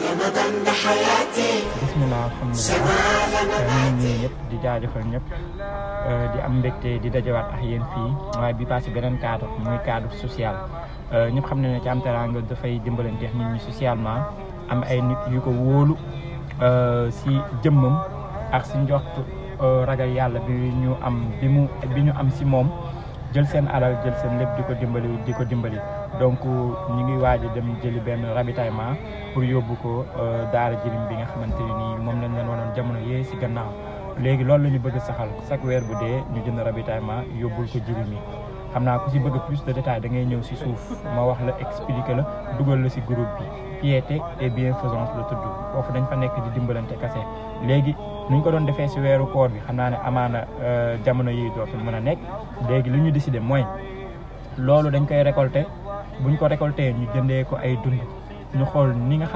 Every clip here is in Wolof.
Ramadan da xayaati bismillah alhamdulilah ñu ngi ñëpp di jaajëfal ñëpp di am mbégte di dajawaat ak yéen fii waaye bi passé beneen cadre muy cadre social ñëpp xam ne ne ci am teranga dafay dimbalante nit ñi socialement am ay nit yu ko wóolu ci jëmmam ak ci njort ragal yàlla bi ñu am bi mu bi ñu am si moom jël seen alal jël seen lépp di ko dimbali di ko dimbali donc ñu ngi waaj a dem jëli benn ravitaillement pour yóbbu ko euh, daara jëriñ bi nga xamante ne nii moom nañ leen wanoon jamono yee si gannaaw léegi loolu la ñu bëgg saxal chaque weer bu dee ñu jënd ravitaillement yóbbul ko jëriñ mi xam naa ku si bëgg plus de détails da ngay ñëw si suuf ma wax la expliquer la dugal la si groupe bi piété et bienfaisance la tudd foofu dañ fa nekk di dimbalante kase léegi nu ñu ko doon defee si weeru koor bi xam naa ne amaana euh, jamono yi dootul mën a nekk léegi li ñu décidé mooy loolu dañ koy récolter. buñ ko récolté ñu jëndee ko ay dund ñu xool ni nga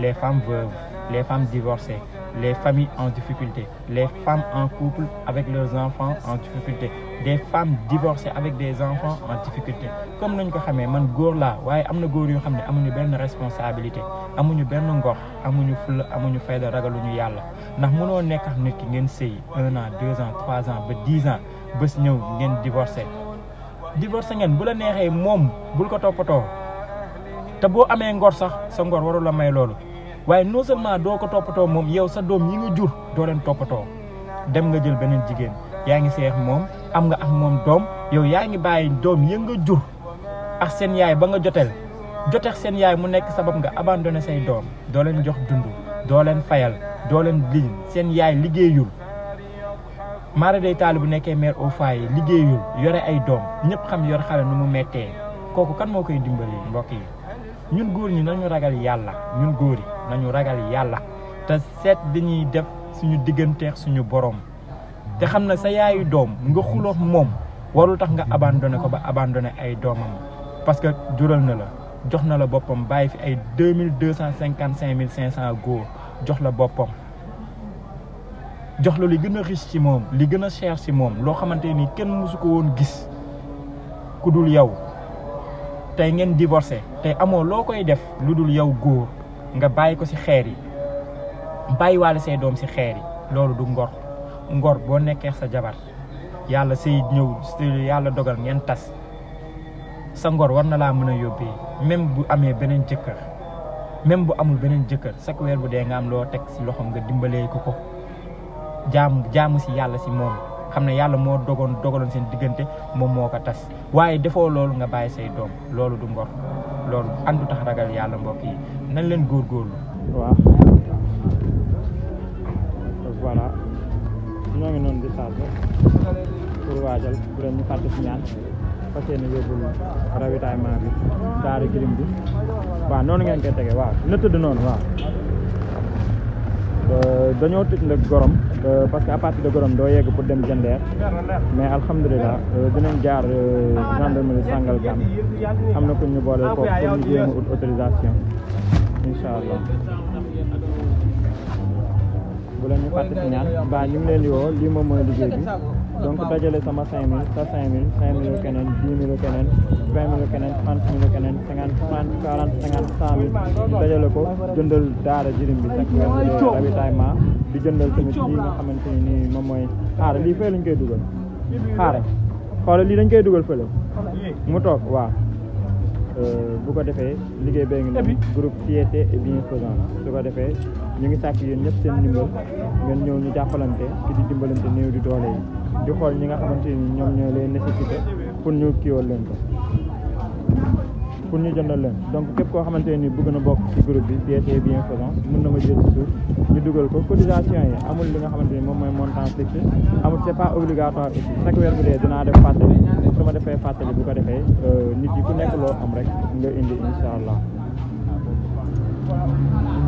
les femmes veuves les femmes divorcées les familles en difficulté les femmes en couple avec leurs enfants en difficulté des femmes divorcées avec des enfants en difficulté comme nañ ko xamee man góor laa waaye am na góor yoo amuñu responsabilité nous avons amuñu amuñu fayda ragaluñu nous nit un an deux ans trois ans dix ans bés ñëw divorce ngeen bu la neexee moom bul ko toppatoo te boo amee ngor sax sa ngor warul la may loolu waaye non seulement doo ko toppatoo moom yow sa doom yi nga jur doo leen toppatoo dem nga jël beneen jigéen yaa ngi seex moom am nga am moom doom yow yaa ngi bàyyi doom ya nga jur ak seen yaay ba nga jotel jotex seen yaay mu nekk sabab nga abandonné say doom doo leen jox dund doo leen fayal doo leen lii seen yaay liggéeyul mara day taali bu nekkee mère au foyer ligéyul yore ay dom ñepp xam yore xalé nu mu metté koku kan mokay koy dimbali mbokk yi ñun goor ñi nañu ragal yalla ñun goor yi nañu ragal yalla dañuy def suñu digganteex suñu borom te xamna na sa yaayu dom nga xulox mom warul tax nga abandoné ko ba abandoné ay domam parce que jural na la jox na la bopam bay fi ay 2255500 mille jox la bopam jox lo li gëna risque ci mom li gëna cher ci mom lo xamanteni ni kenn musuko won gis kudul yaw tay ngeen divorcé tay amo lo koy def ludul yaw goor nga bayiko ci xeer yi bàyyiwaale say dom ci xeer yi lolu du ngor ngor bo nekké sa jabar yalla say ñew yalla dogal ngeen tas sa ngor war na la mëna yobbi même bu amé benen jëkkeur même bu amul benen jëkkeur sa weer bu dé nga am lo tek ci loxom nga dimbalé ko ko jaamu jaamu si yàlla si moom xam ne yàlla moo dogoon dogaloon seen diggante moom moo ko tas waaye defoo loolu nga bàyyi say doom loolu du ngor loolu andu tax ragal yàlla mbokk yi nañ leen góorgóorlu. waaw voilà ñoo ngi noonu di saabu pour waajal bu leen ñu fàtte si ñaan fas yéene yóbbul ravitaillement bi daaru girim bi waaw noonu ngeen koy tege waaw na tëdd noonu waaw. dañoo tëj nag gorom euh, parce que à partir de gorom doo yegg pour dem Diender mais alhamdulillah alhamdulilah euh, dinañ jaar euh, gendarmerie Sangalkam am na ko ñu boole kooku pour ñu jéem a ut autorisation incha parti baa ba ñu ngi leen di woo lii moom mooy liggéey bi donc dajale sama cinq mille sa cinq mille cinq mille keneen dix mille keneen vingt mille keneen trente mille keneen cinquante trente quarante dajale ko jëndal daara jirim bi chaque weer bu ravitaillement di jëndal tamit lii nga xamante ni moom mooy xaare lii fële lañ koy dugal xaare xoolal lii dañ koy dugal fële mu toog waa Euh, bu ko defee liggéey bee ngi noonu groupe Piété et Bienfaisance su ko defee ñu ngi sàkk yéen ñëpp seen ndimbal ngeen ñëw ñu jàppalante ci di dimbalante néew di doole yi di xool ñi nga xamante ni ñoom ñoo lay nécessité pour ñu kiiwal leen ko pour ñu jëndal leen donc képp koo xamante ni bëgg na bokk ci groupe bi BT bienfaisance mën na ma jël suuf ñu dugal ko cotisation yi amul li nga xamante ni moom mooy montant fixe amul c'est pas obligatoire bu dee dinaa def fàttali su ma defee fàttali bu ko defee euh, nit yi ku nekk loo am rek nga indi incha allah.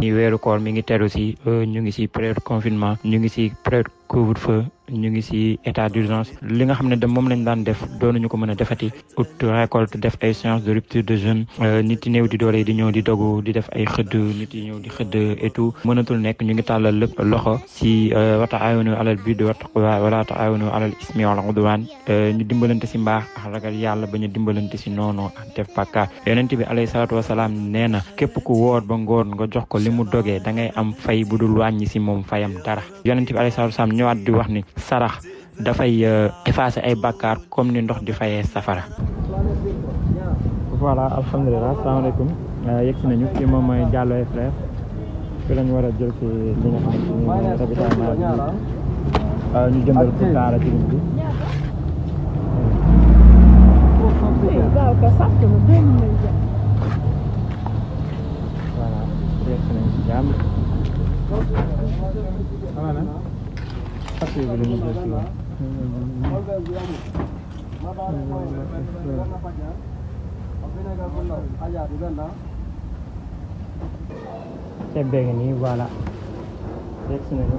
ñi weeru koor mi ngi teru si euh, ñu ngi si période confinement ñu ngi si période couvre feu ñu ngi ci état d'urgence li nga xam de lañ daan def doonuñu ko mëna defati out récolte def ay séance de rupture de jeûne euh, nit ñew di doore di ñew di dogu di def ay xëdd nit ñew di xëdd et tout mënatul nek ñu ngi talal lepp loxo si euh, wata ayunu alal bi di wata wala ta ayunu alal ismi wal udwan euh, ñu dimbalante ci mbax ak ragal yalla ba ñu dimbalante ci nono ak def paka yonent bi alayhi salatu wassalam neena kep ku wor ba ngor nga jox ko limu doge da ngay am fay budul ci mom fayam dara yonent bi alayhi salaatu wasalaam ñëwaat di wax ni sarax dafay euh, effacer ay bakkaar comme ni ndox di fayee safara. voilà alhamdulilah salaamaaleykum euh, yegsi nañu kii moom mooy Diallo et frère fi lañu war a jël ci li nga xam ne euh, ñu tebbee ngi nii voilà yegg si nañu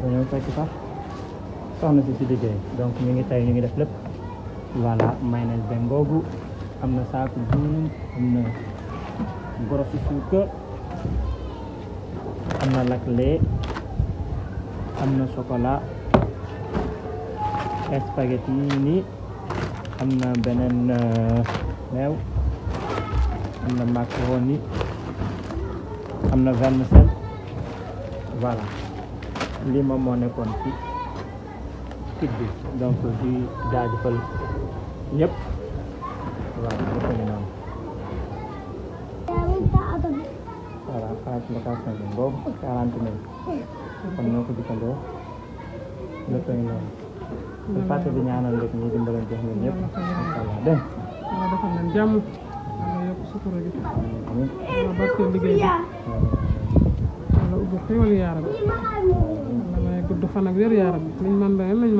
dañoo fekk sax soxna si si liggéey donc ñu ngi tey ñu ngi def lépp voilà may nañ benn googu am na saaku duun am na gorosu suukar am na lakk am na chocolat spaghetti yi nii am na beneen eh, meew am na macaroni am na vermicelle voilà lii moom moo nekkoon ci kit bi donc di jaajëfal ñëpp voilà dafa ñu noonu voilà xaalis location bi boobu quarante mille పండుకుంటుందో లేకపోయినా fàtte di ñaanal rek ñi dimbalal jox ñun ñëpp inshallah dem ma defal leen jàmm ma yokk sutura lagi. ma barke liggéey bi wala ubur xéwal yaaram ma may gudd fan ak wér yaaram liñ man ba lañ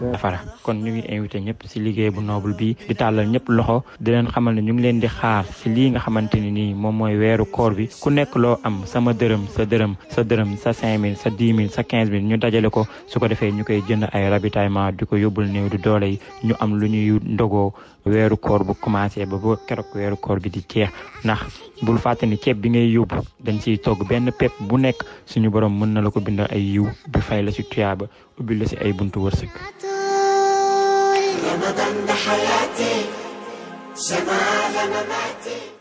defara kon ñu ngi invité ñëpp si liggéey bu noble bi di tàllal ñëpp loxo di leen xamal ne ñu ngi leen di xaar si lii nga xamante ni nii moom mooy weeru koor bi ku nekk loo am sama dërëm sa dërëm sa dërëm sa cinq mille sa dix mille sa quinze mille ñu dajale ko su ko defee ñu koy jënd ay ravitaillement di ko yóbbul néew du doole yi ñu am lu ñuy ndogoo weeru koor bu commencé ba ba keroog weeru koor bi di jeex ndax bul fàtte ni ceeb bi ngay yóbbu dañ ciy togg benn pepp bu nekk suñu borom mën na la ko bindal ay yiw ba fay la ci tuyaaba ubbi la ci ay buntu wërsëg رمضان ده حياتي سما على مماتي